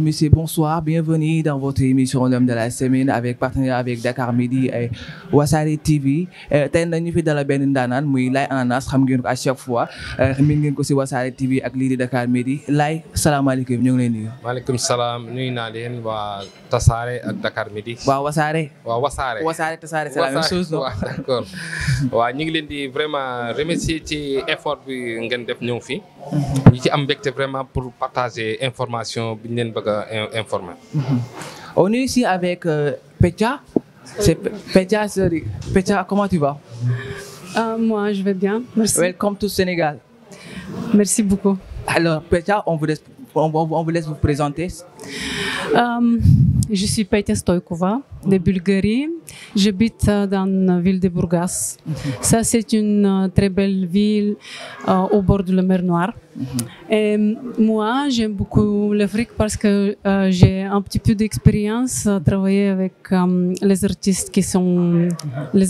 Monsieur, bonsoir, bienvenue dans votre émission l'homme de la semaine avec partenaire avec Dakar Midi et Wassare TV euh, tey nañu fi dala benn ndaanaan muy Laye Ananas xam ngeen ko à chaque fois euh, min ngeen ko si TV ak lii di Dakar Midi Laye salaamaaleykum ñu ngi lay nuyu. maaleykum salaam nuyu naa leen waa Tassare ak Dakar Midi. waa Wassare. waa Wassare Wassare Tassare c'est chose. waaw d'accord waaw ñu ngi leen di vraiment remercier ci effort bi ngeen def ñëw fi. Mhm. ñu ci am mbégte vraiment pour partager information bi ñu leen bëgg a informer. Mhm. on est ici avec euh, Pecha. C'est Pecha, Pecha, comment tu vas? Euh, moi, je vais bien. Merci. Welcome to Sénégal. Merci beaucoup. Alors, Pecha, on vous laisse, on, on vous laisse vous présenter. Um, Je suis Petya Stoykova de Bulgarie. J'habite dans la ville de Burgas. Ça, c'est une très belle ville euh, au bord de la mer Noire. Et moi, j'aime beaucoup l'Afrique parce que euh, j'ai un petit peu d'expérience à travailler avec euh, les artistes qui sont les,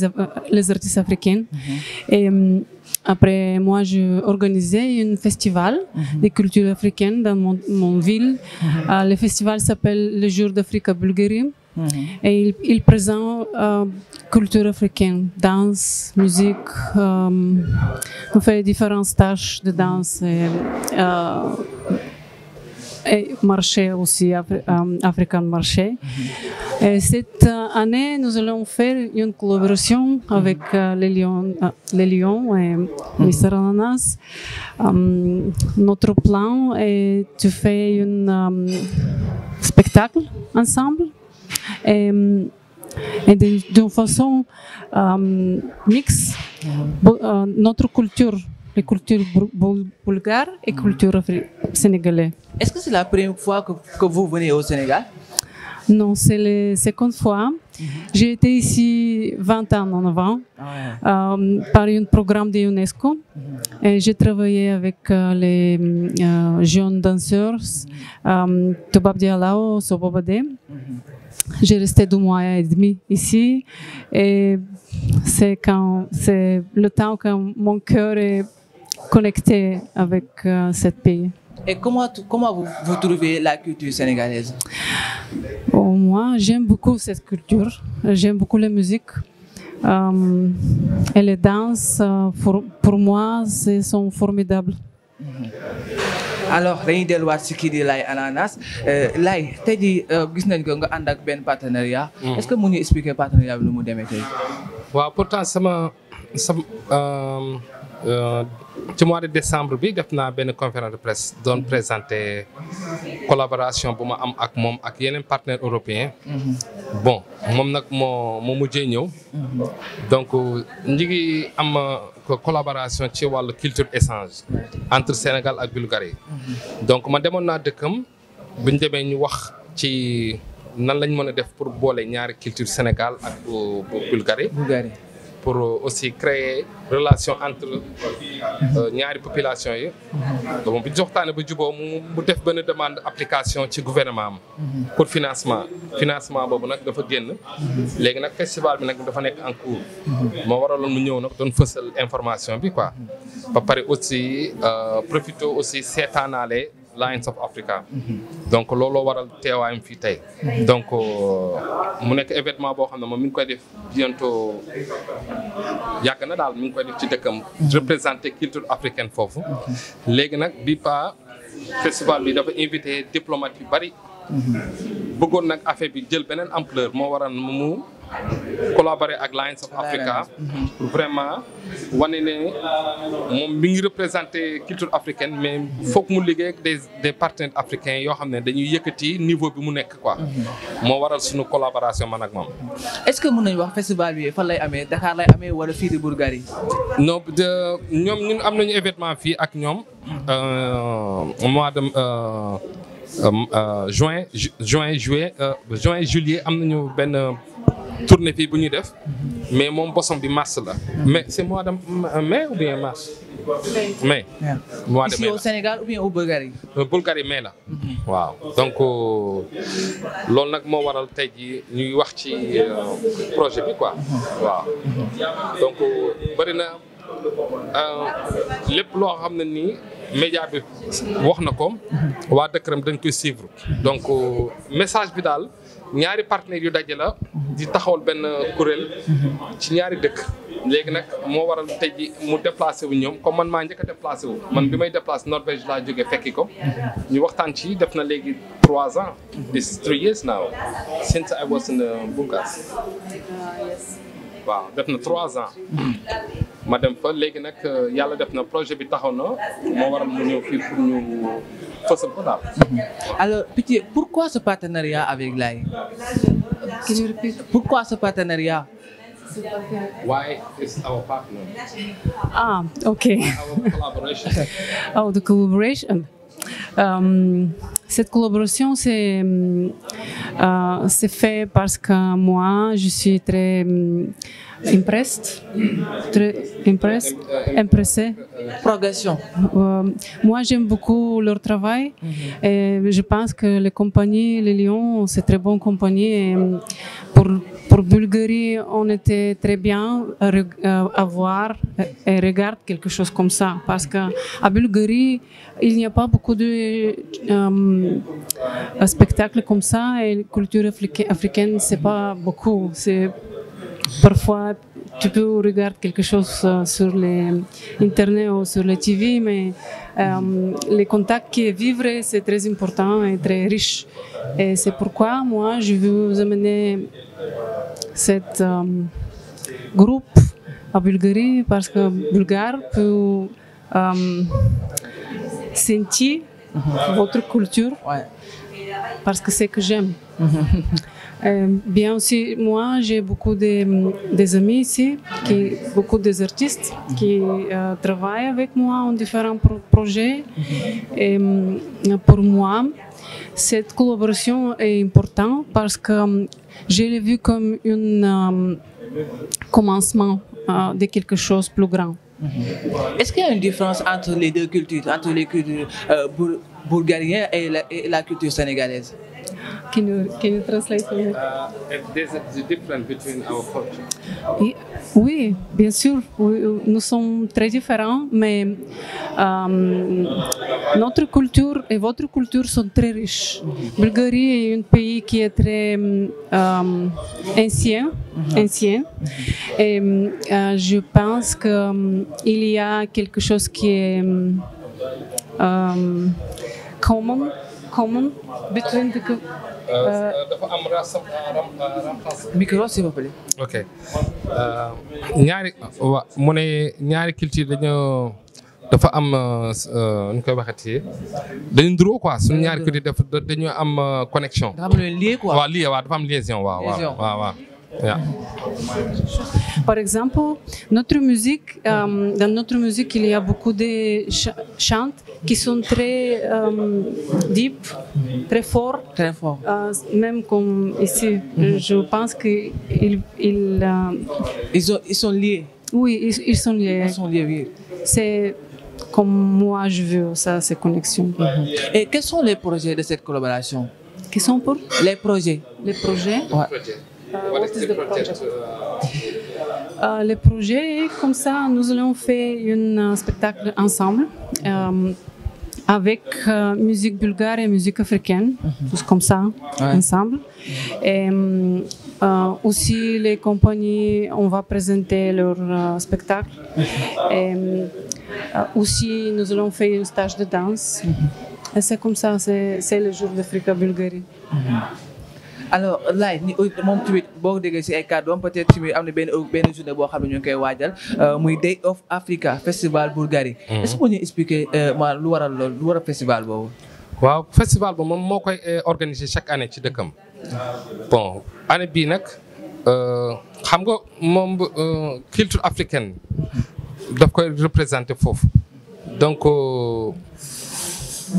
les artistes africains. Et Après, moi, j'ai organisé un festival mm -hmm. des cultures africaines dans mon, mon ville. Mm -hmm. euh, le festival s'appelle Le Jour d'Afrique à Bulgarie. Mm -hmm. Et il, il présente euh, culture africaine, danse, musique. Euh, on fait différentes tâches de danse et euh, et marché aussi, African Marché. Et cette année, nous allons faire une collaboration avec mm-hmm. euh, les Lions, euh, les Lions et Mr. Mm-hmm. Ananas. notre plan est de faire un spectacle ensemble. Et, et d'une façon mixte, mm-hmm. euh, notre culture entre culture bulgare et mm-hmm. culture sénégalaise. Est-ce que c'est la première fois que, que, vous venez au Sénégal Non, c'est la seconde fois. Mm-hmm. J'ai été ici 20 ans en avant ah ouais. euh, par un programme de l'UNESCO. Mm-hmm. Et j'ai travaillé avec euh, les euh, jeunes danseurs, euh, Tobab Dialao, Sobobade. J'ai resté deux mois et demi ici et c'est quand c'est le temps quand mon cœur est connecter avec euh, cette pays. Et comment, comment vous, vous, trouvez la culture sénégalaise Moi, j'aime beaucoup cette culture. J'aime beaucoup la musique. Euh, et les danses, euh, pour, pour moi, sont formidables. Mm -hmm. alors dañuy delluwaat si kii di Laye Ananas euh, Laye tey jii euh, gis nañ ko nga ànd ak benn partenariat. Mm-hmm. est-ce que mu ñu expliquer partenariat bi lu mu demee tey. waaw pourtant sama sama. ci mois de décembre bi def naa benn conférence de presse doon présenter collaboration bu ma am ak moom ak yeneen partenaires européens. Mhm. bon moom nag moo moo mujjee ñëw. Mhm. donc ñi am euh, collaboration ci wàllu culture échange. entre Sénégal ak Bulgarie. Mhm. donc man demoon na dëkkam bu ñu demee ñu wax ci nan lañ mën a def pour boole ñaari culture Sénégal ak Bulgarie. pour aussi créer relation entre euh, ñaari population yi donc bu ñu waxtaanee ba juboo mu def benn demande application ci gouvernement am pour financement financement boobu nag dafa génn léegi nag festival bi nag dafa nekk en cours moo waraloon mu ñëw nag doon fësal information bi quoi ba aussi euh, profito aussi seetaanaale Lions of Africa. Mhm. donc looloo waral teewaayam fii tey. donc euh, mu nekk événement boo xam ne moom mi ngi koy def bientôt yàgg na daal mi ngi koy def ci dëkkam. Mhm. représenter culture africaine foofu. léegi nag bi pa festival bi dafa invité diplomate yu bari. Mhm. bëggoon nag affaire bi jël beneen empleur moo waral mu. collaboré ak Lions of Africa vraiment wane ne moom mi ngi représenté culture africaine mais foog mu liggéey des des partenaires africains yoo xam ne dañuy yëkkati niveau bi mu nekk quoi moo waral suñu collaboration man ak moom est-ce que mën nañu wax festival bi fan lay amee Dakar lay amee wala fii di Bourgari non ñoom ñun am nañu événement fii ak ñoom euh, mois de euh, euh, juin juin juillet juin juillet am nañu benn tournée fii bu ñuy def mais moom bosom bi mars la. mais c'est mois de mais ou bien mars. mai de mai Sénégal ou bien au Bulgarie. Euh, Bulgarie mais la. waaw donc euh, loolu nag moo waral tey jii ñuy wax ci euh, projet bi quoi. donc bëri na lépp loo xam na nii. média bi wax na ko. waa Dekram dañ koy suivre. donc message bi daal. ñaari partenaires yu daje la di taxawal benn kuréel ci ñaari dëkk léegi nag moo waral te ji mu déplacé wu ñoom comme man maa njëkk a déplacé wu man bi may déplacé Norvège laa jóge fekki ko ñu waxtaan ci def na léegi trois ans this is three years now since I was in uh, Bungas ah, waaw def na trois ans ma dem fa léegi nag euh, yàlla def na projet bi taxaw na moo waral mu ñëw fii pour ñu fësal ko daal. Mhm. alors Pitié pourquoi ce partenariat avec Laye. pourquoi ce partenariat. Why is our partner? Ah, okay. Our collaboration. oh, the collaboration. Euh, cette collaboration c'est euh, c'est fait parce que moi je suis très euh, impressed, très impressed, impressé. Progression. Euh, moi, j'aime beaucoup leur travail mm -hmm. et je pense que les compagnies, les Lions, c'est très bonne compagnie et pour, pour Bulgarie, on était très bien euh, euh, à voir euh, et regarde quelque chose comme ça. Parce qu'à Bulgarie, il n'y a pas beaucoup de euh, spectacles comme ça et la culture africaine, c'est pas beaucoup. C'est parfois tu peux regarder quelque chose sur les internet ou sur la TV, mais euh, les contacts qui vivent, c'est très important et très riche. Et c'est pourquoi moi, je veux vous amener cette euh, um, groupe Bulgarie parce que Bulgare peut euh, sentir votre culture parce que c'est que j'aime. Mm bien aussi, moi j'ai beaucoup de, des amis ici, qui, beaucoup des artistes qui euh, avec moi en différents pro projets. pour moi, cette collaboration est importante parce que Je l'ai vu comme un euh, commencement euh, de quelque chose de plus grand. Mm -hmm. Est-ce qu'il y a une différence entre les deux cultures, entre les cultures euh, bourg bulgariennes et, et la, culture sénégalaise Can you can you translate for me? Uh, there's a difference between our culture. E, oui, bien sûr. Oui, nous sommes très différents, mais um, notre culture et votre culture sont très riches. Mhm. Bulgarie est un pays qui est très um, ancien, mhm. ancien. Mhm. Et uh, je pense qu'il um, y a quelque chose qui est um, um, commun commun between the ñaari wa mu ne ñaari culture dañoo dafa am euh, euh, nu koy waxati dañu nduroo quoi suñu ñaari culture dañoo euh, dafa am lien quoi waaw Yeah. Par exemple, notre musique, euh, dans notre musique, il y a beaucoup de ch chants qui sont très euh, deep, très forts. Très fort. euh, même comme ici, mm -hmm. je pense qu'ils euh, ils, ils, ils, sont liés. Oui, ils, ils sont liés. Ils sont liés, oui. C'est comme moi, je veux ça, ces connexions. Mm -hmm. Et quels sont les projets de cette collaboration Qui sont pour Les projets. Les projets. Ouais. Euh, what is the project euh, euh, Le projet, comme ça, nous allons faire un spectacle ensemble avec euh, musique bulgare et musique africaine, mm -hmm. tous comme ça, ouais. ensemble. Et euh, aussi, les compagnies, on va présenter leur euh, spectacle. et, aussi, nous allons faire un stage de danse. Mm -hmm. Et c'est comme ça, c'est le jour d'Afrique-Bulgarie. Mm -hmm. alors laay ni moom boo déggee si ay kàddoom peut-être am na benn benn journée boo xam ne koy waajal euh, muy Day of Africa festival Bulgarie. Mm-hmm. est-ce que moo euh, lu waral lool lu waral festival boobu. waaw festival boobu moom moo koy euh, organiser chaque année ci dëkkam. bon année bii nag xam nga moom culture africaine daf koy représenter foofu donc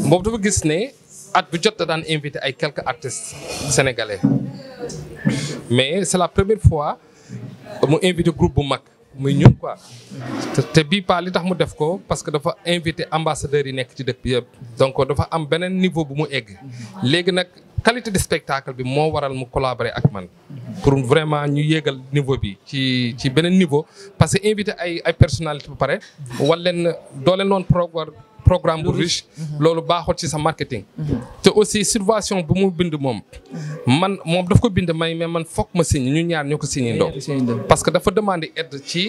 moom dafa gis ne. at bu jot a daan invité ay quelques artistes sénégalais mais c'est la première fois mu invité groupe bu mag muy ñun quoi te bii pas li tax mu def ko parce que dafa invité ambassadeurs yi nekk ci def bi yëpp donc dafa am beneen niveau bu mu egg léegi nag qualité de spectacle bi moo waral mu collaborer ak man pour vraiment ñu yéegal niveau bi ci ci beneen niveau parce que invité ay ay personnalité ba pare wala leen doo programme bu riche mhm. loolu baaxul ci sa marketing mhm. te aussi subvention bu mu bind moom man moom daf ko bind may mais man foog ma signé ñu ñaar ñoo ko signé ndox parce que dafa demandé aide ci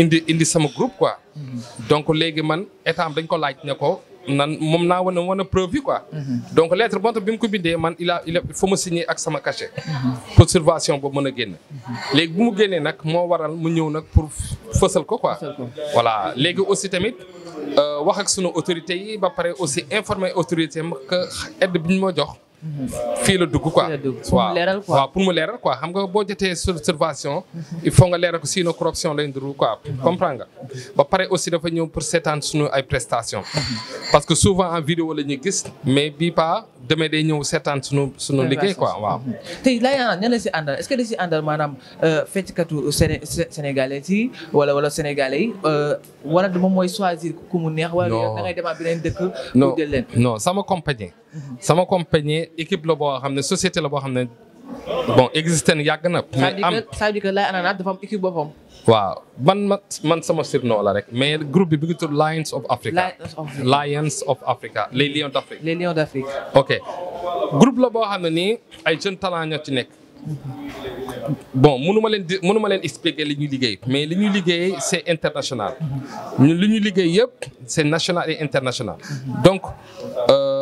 indi indi sama groupe quoi mhm. donc léegi man état dañ ko laaj na ko nan moom naa wane wane preuve yi quoi donc lettre bonte bi mu ko bindee man il a il faut ma signer ak sama cachet pour subvention boobu mën a génn léegi bu mu génnee nag moo waral mu ñëw nag pour fësal ko quoi voilà léegi aussi tamit Euh, wax ak sunu autorité yi ba pare aussi informer autorité am que aide bi ñu ma jox. fii la dugg quoi waaw waaw pour leeral quoi xam nga boo jotee observation il faut nga leeral ko sinon corruption lay nduru quoi comprends nga ba pare aussi dafa ñëw pour seetaan suñu ay prestations. parce que souvent en vidéo la ñuy gis mais bii pas demee day ñëw seetaan sunu sunu liggéey quoi waaw. tey Layana ah, ña la si àndal est-ce que da si àndal maanaam euh, fecckatu sénégalais yi wala wala sénégalais yi euh, wala moom mooy choisir ku mu neex. wala da ngay demaat beneen dëkk. non non sama compagnie. Mhm. sama compagnie équipe la boo xam ne société la boo xam ne. bon existé na yàgg na. am ça veut dire que waaw man ma man sama surnom la rek mais group bi bi ngi tudd Lions of Africa. Lions of Africa les Lions d'Afrique. les Lions d'Afrique. ok groupe la boo xam ne nii ay jeunes talents ñoo ci nekk. bon mënu ma leen di mënu leen expliquer li ñuy liggéey mais li ñuy liggéey c'est international. ñu li ñuy liggéey yëpp c'est national et international donc. Euh,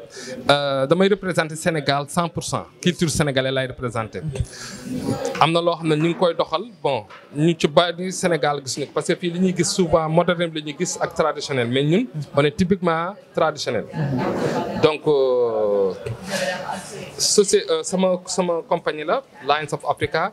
Euh, damay représenter Sénégal 100 pour cent culture sénégalaise lay représenter. am na loo xam ne ñu ngi koy doxal bon ñu ci bari Sénégal gis ñu parce que fii li ñuy gis souvent moderne la ñuy gis ak traditionnel mais ñun on est typiquement traditionnel. donc euh, société euh, sama sama compagnie la Lions of Africa.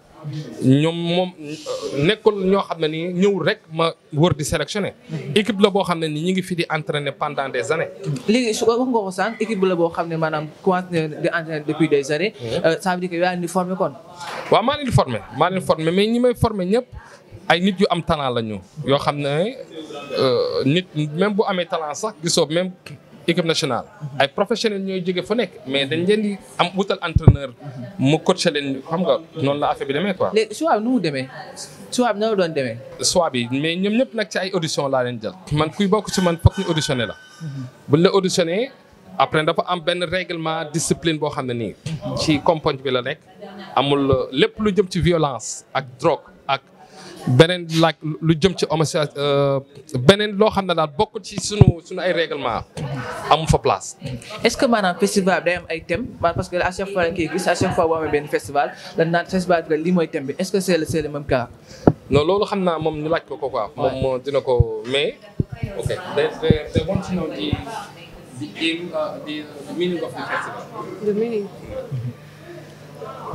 ñoom moom euh, nekkul ñoo xam ne nii ñëw rek ma wër di sélectionné. équipe la boo xam ne nii ñu ngi fi di entraîner pendant des années. léegi su o wax nga ko sànq équipe la boo xam ne maanaam commencé di entraîner depuis des années. Euh, ça veut dire que yaa ngi formé kon. waaw maa leen formé maa leen formé mais ay nit yu am talent la ñu xam ne euh, nit même bu amee talent sax gisoo même équipe nationale ay professionnels ñooy jóge fu nekk mais dañ leen di am wutal entraîneur mu coaché leen xam nga noonu la affaire bi demee ko léegi choix nu mu demee choix bi la doon demee. choix bi mais ñoom ñëpp nag ci ay audition la leen jël. man kuy bokk ci man foog ñu la. buñ la auditionné après dafa am benn règlement discipline boo xam ne nii. ci compoñ bi la nekk amul euh, lépp lu jëm ci violence ak drogue. beneen laaj lu jëm ci homosexuel euh, beneen loo xam ne daal bokkul ci sunu sunu ay règlement amul fa place. est-ce que maanaam festival day am ay thèmes parce que à chaque fois dañ koy gis à chaque fois boo amee benn festival dañ naan festival bi lii mooy thème bi est-ce que c'est le c'est le même cas. non loolu xam naa moom ñu laaj ko ko quoi. moom moo dina ko mais. ok they they they want to know the the uh, the the meaning of the festival. the meaning.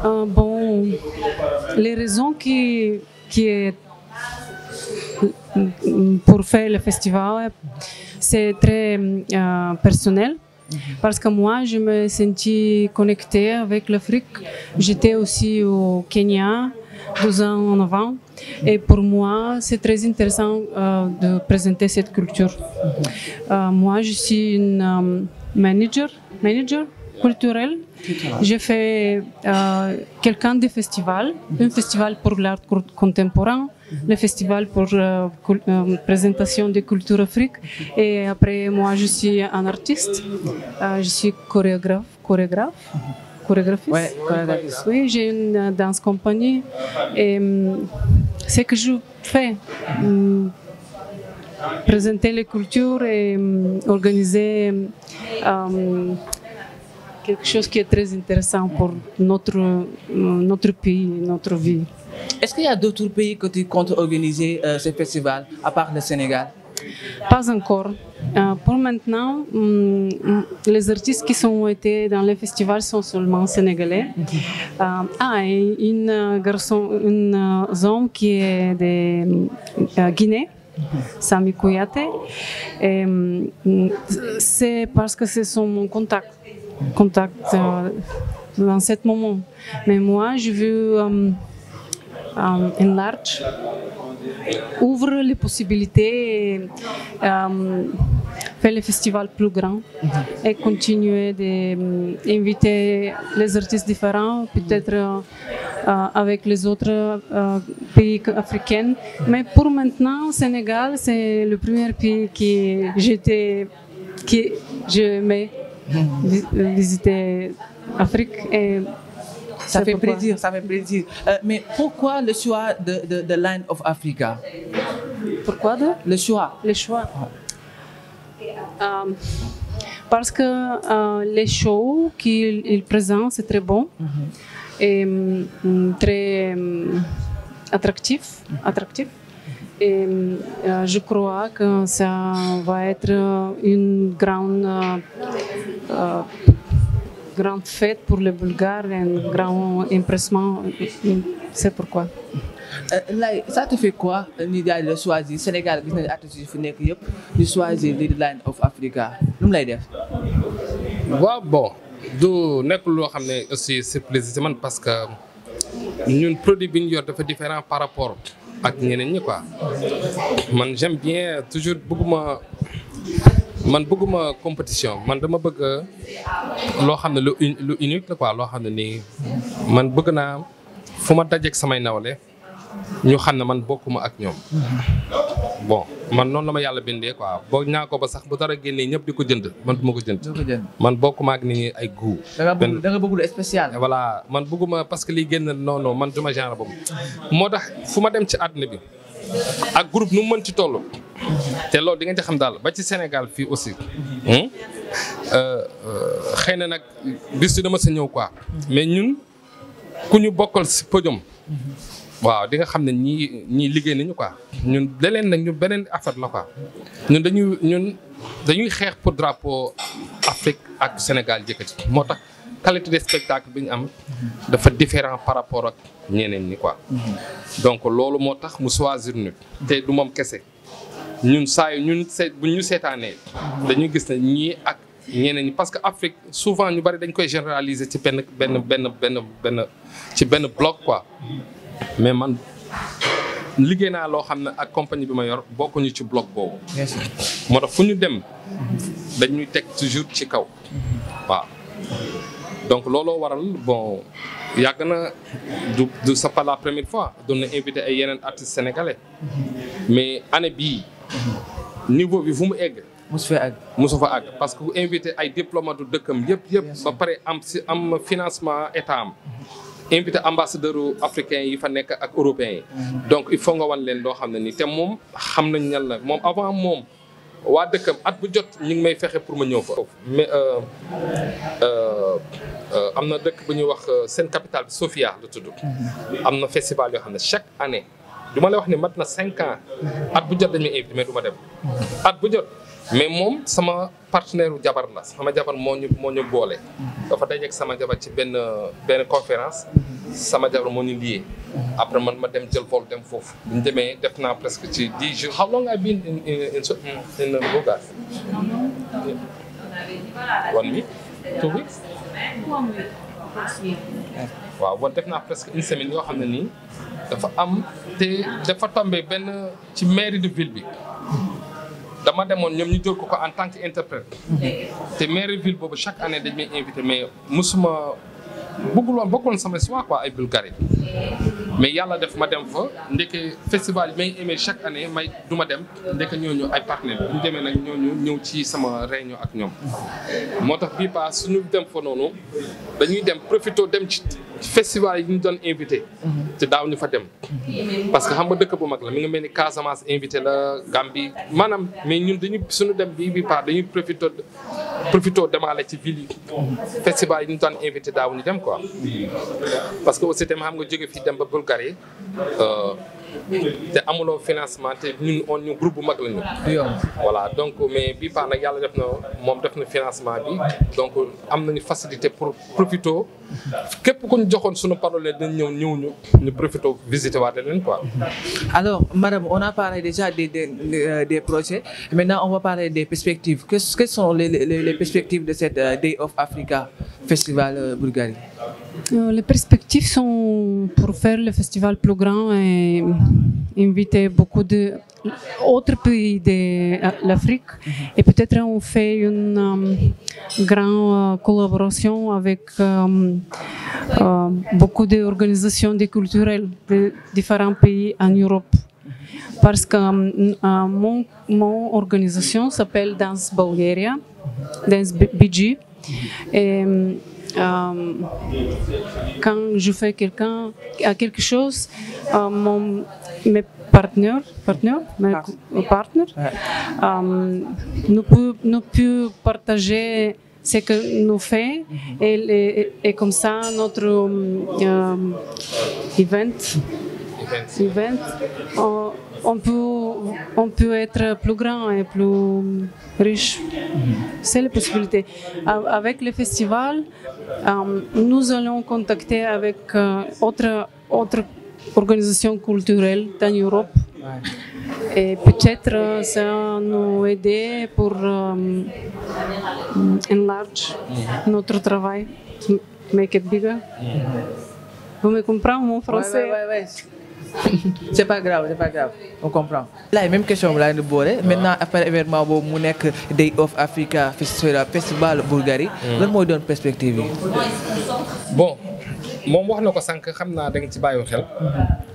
Euh, bon les raisons qui. qui est pour faire le festival, c'est très euh, personnel. Parce que moi, je me sentis connectée avec l'Afrique. J'étais aussi au Kenya deux ans en avant. Et pour moi, c'est très intéressant euh, de présenter cette culture. Euh, moi, je suis une euh, manager, manager culturelle. J'ai fait euh, quelqu'un de festival, un festival pour l'art contemporain, mhm. le festival pour euh, euh, présentation de culture afrique. Et après, moi, je suis un artiste, euh, je suis chorégraphe, chorégraphe. Mhm. Chorégraphiste. Ouais, chorégraphiste. Oui, j'ai une euh, danse compagnie et ce que je fais, présenter les cultures et organiser quelque chose qui est très intéressant pour notre, euh, notre pays, notre vie. Est-ce qu'il y a d'autres pays que tu comptes organiser euh, ce festival, à part le Sénégal Pas encore. Euh, pour maintenant, hum, mm, les artistes qui sont été dans les festivals sont seulement sénégalais. Euh, ah, et une euh, garçon, une euh, homme qui est de Guinée. Sami Kouyaté. Mm, c'est parce que c'est son mon contact contact euh, dans ce moment. Mais moi, je veux um, um, enlarge, ouvre les possibilités, et, euh, um, faire le festival plus grand mhm. et continuer d'inviter euh, les artistes différents, peut-être uh, avec les autres uh, pays africains. Mais pour maintenant, Sénégal, c'est le premier pays que j'étais, que je mets visiter Afrique et ça fait plaisir ça fait plaisir euh, mais pourquoi le choix de de de Line of Africa. pourquoi de. le choix le choix. Euh, parce que euh, les shows qu'il présente c'est très bon. Mm-hmm. Mm -hmm. et très mm, attractif attractif. Et euh, je crois que ça va euh, euh, pour les Bulgares, C'est pourquoi. Euh, quoi ni daal la choisir Sénégal gis nañu nekk yëpp ñu choisir lead line of Africa lu lay def. waaw bon nekk loo xam ne aussi c'est parce que ñun produit bi ñu yor dafa différent par rapport. ak ñeneen ñi quoi man j'aime bien toujours bëgguma man bëgguma compétition man dama bëgg loo xam ne lu lu unique la quoi loo xam ne nii man bëgg naa fu ma dajeek samay nawle ñu xam ne man bokkuma ak ñoom bon man noonu la ma yàlla bindee quoi boo ñaa ko ba sax bu dara génnee ñëpp di ko jënd man du ma ko jënd. man bokkuma ak nit ñi ay goût. da nga bëgg lu spécial. man bëgguma parce que liy génn non man duma genre boobu moo tax fu ma dem ci àddina bi ak groupe nu mu mën ci toll. te loolu di nga ci xam daal ba ci Sénégal fii aussi. Hmm? Euh, euh, xëy na nag bis dama sa ñëw quoi. Mm-hmm. mais ñun ku ñu bokkal si podium. Mm-hmm. waaw di nga xam ne ñii ñii liggéey nañu quoi ñun leneen nag ñu beneen affaire na quoi ñun dañuy ñun dañuy xeex pour drapeau Afrique ak Sénégal jëkkati moo tax qualité de spectacle bi ñu am dafa différent par rapport ak ñeneen ñi quoi. donc loolu moo tax mu choisir ñu te du moom kese ñun saa yu ñun seet bu seetaanee dañuy gis na ñii ak ñeneen ñi parce que Afrique souvent ñu bari dañ koy généraliser ci benn benn benn benn benn ci benn bloc quoi. mais man liggéey naa loo xam ne ak compagnie bi ma yor bokkuñu ci bloc boobu. moo tax fu ñu dem dañuy teg toujours ci kaw. waaw donc looloo waral bon yàgg na du du c'est pas la première fois doon na invité ay yeneen artistes sénégalais mais année bi niveau bi fu mu egg. musu fa àgg musu fa àgg parce que bu invité ay diplomate dëkkam yëpp yëpp. ba pare am si am financement état am. invité ambassadeur africain yi fa nekk ak européens yi. Mhm. donc il faut nga wan leen loo xam ne nii te moom xam nañ ñan la moom avant moom. waa dëkkam at bu jot ñu ngi may fexe pour ma ñëw fa. mais euh, euh, euh, am na dëkk bu ñuy wax seen capitale bi Sofia la tudd. Mhm. am na festival yoo xam ne chaque année. du ma lay wax ne mat na cinq ans. Mhm. at bu jot dañuy invité mais du dem. at bu jot. mais moom sama partenaire jabar la sama jabar moo ñu moo ñu boole. dafa dajeeg sama jabar ci benn benn conférence. sama jabar moo ñu lié. après man ma dem jël vol dem foofu. bu ñu demee def naa presque ci di jours. how long bi been in in in in Boga. one week waaw def naa presque une semaine yoo xam ne nii dafa am te dafa tombé benn ci mairie de ville bi. dama demoon ñoom ñu jël ko en tant que interprète te mairie ville boobu chaque année dañ may invité mais mosuma bëgguloon bokkon sama choix quoi ay Bulgarie mais yàlla def ma dem fa ndeke festival yi may aimé chaque année may duma ma dem ndeke ñooñu ay partenaire bu ñu demee nag ñooñu ñëw ci sama réunion ak ñoom. moo tax bii pas suñu dem fa noonu dañuy dem profito dem ci festival yi ñu doon invité. te daaw ñu fa dem. parce que xam nga dëkk bu mag la mi ngi mel ni Casamance invité la Gambie maanaam mais ñun dañuy suñu dem bii bii pas dañuy profité profité demaale ci ville yi. festival yi ñu doon invité daaw dem quoi. parce que aussi tamit xam nga jóge fii dem ba Bulgarie euh, te amuloo financement te ñun on bu mag la yo voilà donc mais bii paa na yàlla def na moom def na financement bi donc am nañu facilité pour profité képp ku ñu joxoon sunu parole dañ ñëw ñëw ñu ñu profité visité waat leen quoi. alors madame on a parlé déjà des des euh, des projets maintenant on va parler des perspectives quelles sont les les perspectives de cette euh, Day of Africa festival Bulgarie. Euh, les perspectives sont pour faire le festival plus grand et inviter beaucoup d'autres pays de euh, l'Afrique. Mhm. Et peut-être on fait une euh, grande collaboration avec um, uh, beaucoup d'organisations culturelles de différents pays en Europe. Parce que um, uh, mon, organisation s'appelle Dance Bulgaria, Dance BG. Euh, quand je fais quelqu'un à quelque chose, euh, mon, mes partenaires, partenaires, mes partenaires, euh, ouais. euh, nous peut, nous peut partager ce que nous fait mhm. et, et, et comme ça notre euh, event, event, event on, on peut on peut être plus grand et plus riche. C'est la possibilité. Avec le festival, euh, nous allons contacter avec autres, euh, autres organisations culturelles dans l'Europe. Et peut-être euh, ça nous aider pour um, enlarge mm-hmm. notre travail, make it bigger. Mm-hmm. Vous me comprenez mon français? Ouais, ouais, ouais, c'est pas grave c'est pas grave on comprend. laay même question bi laa leen di boole. maintenant après événement boobu mu nekk Day of Africa festival Bulgarie. Hmm. lan mooy doon perspective yi. bon moom wax na ko sànq xam naa da nga ci bàyyiwul xel.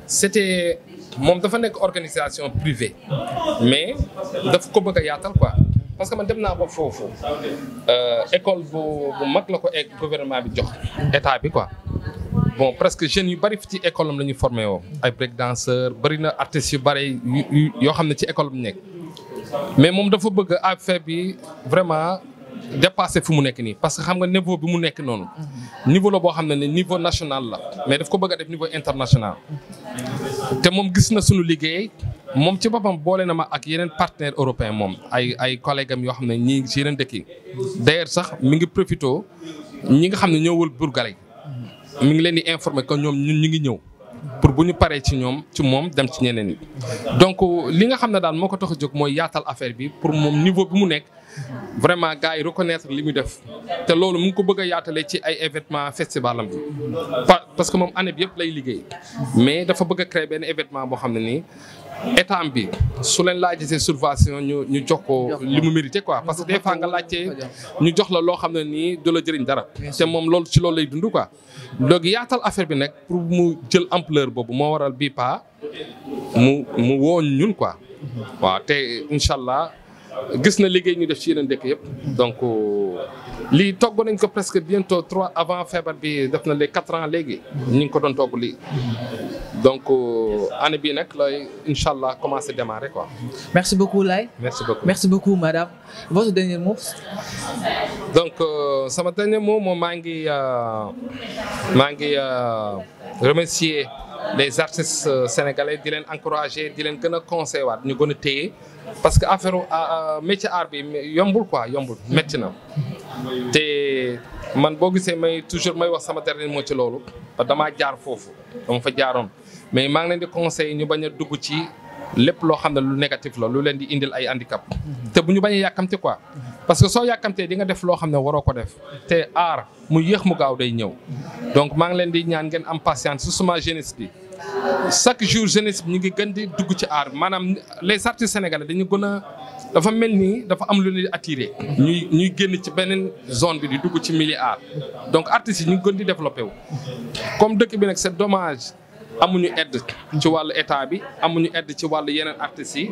c'était moom dafa nekk organisation privée. mais daf ko bëgg a yaatal quoi. parce que man dem naa ba foofu euh, école bu bu mag la ko e, gouvernement bi jox état bi quoi. bon presque jeunes yu bari ci école am la ñu formé woo ay break danseur bari na artistes yu bari yoo xam ne ci école am nekk mais moom dafa bëgg a affaire bi vraiment dépassé fu mu nekk nii parce que xam nga niveau bi mu nekk noonu. niveau la boo xam ne ne niveau national la mais daf ko bëgg a def niveau international. te moom gis na sunu liggéey moom ci boppam boole na ma ak yeneen partenaire européen moom ay ay collègues yoo xam ne ñii ci yeneen dëkk yi. d'ailleurs sax mi ngi profité ñi nga xam ne ñoo wër mi ngi leen di informer ko ñoom ñun ñu ngi ñëw pour bu ñu paree ci ñoom ci moom dem ci ñeneen yi donc li nga xam ne daal moo ko tax a jóg mooy yaatal affaire bi pour moom niveau bi mu nekk vraiment gars yi reconnaître li mu def te loolu mu ngi ko bëgg a yaatalee ci ay événement festivalam bi parce que moom année bi yëpp lay liggéey mais dafa bëgg a benn événement boo xam ne nii état bi su leen laajatee subvention ñu ñu jox ko li mu mérité quoi parce que des fois nga laajtee ñu jox la loo xam ne nii du la jëriñ dara. te moom loolu ci loolu lay dund quoi. donc yaatal affaire bi nag pour mu jël ampleur boobu moo waral bii paa mu mu woo ñun quoi. Mhm. waaw te incha allah gis na liggéey ñu def ci yeneen dëkk yëpp donc euh, lii togg nañ ko presque bientôt trois avant feebar bi def na les quatre ans léegi ñu ngi ko doon togg lii donc euh, année bii nag lay incha allah commencé démarrer quoi. merci beaucoup Laye. merci beaucoup merci beaucoup madame. votre dernier mot. donc euh, sama dernier mo mo maa ngi maa ngi remercier. les artistes euh, sénégalais di leen encourager di leen gën a conseil waat ñu gën a téye parce que affaire ah, ah, métier art bi yombul quoi yombul métti na. te man boo gisee may toujours may wax sama dernier moo ci loolu damaa jaar foofu dama fa jaaroon mais maa ngi leen di conseil ñu bañ a dugg ci lépp loo xam ne lu négatif la lu leen di indil ay handicap. te bu ñu bañ a yàkkamti quoi. parce que soo yàkkamtee di nga def loo xam ne waroo ko def te aar mu yéex mu gaaw day ñëw donc maa ngi leen di ñaan ngeen am patience su suma jeunesse bi chaque jour jeunesse bi ñu ngi gën di dugg ci aar maanaam les artistes sénégalais dañu gën a dafa mel nii dafa am lu ñuy attiré. ñuy ñuy génn ci beneen zone bi di dugg ci milieu art donc artistes yi ñu ngi gën di développé wu comme dëkk bi nag c'est dommage. amuñu aide ci wàll état bi amuñu aide ci wàllu yeneen artistes yi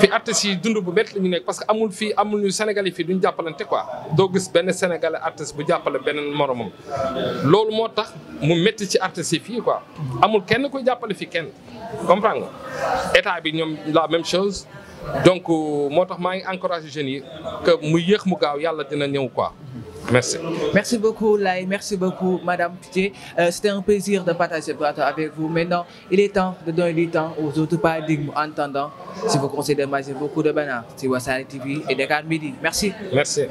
fi artistes yi dund bu métti la nekk parce que amul fii amuñu Sénégal yi fii duñ jàppalante quoi doo gis benn sénégalais artiste bu jàppale beneen moromam loolu moo tax mu métti ci artistes yi fii quoi amul kenn ko jàppale fii kenn comprendre nga état bi ñoom la même chose donc euh, moo tax maa ngi encouragé jeunes yi que mu yéex mu gaaw yàlla dina ñëw quoi Merci. Merci beaucoup, Lai. Merci beaucoup, Madame Pitié. Euh, C'était un plaisir de partager ce avec vous. Maintenant, il est temps de donner du en attendant. Si vous conseillez de manger beaucoup de bananes, c'est Wassari TV et Dakar Midi. Merci. Merci.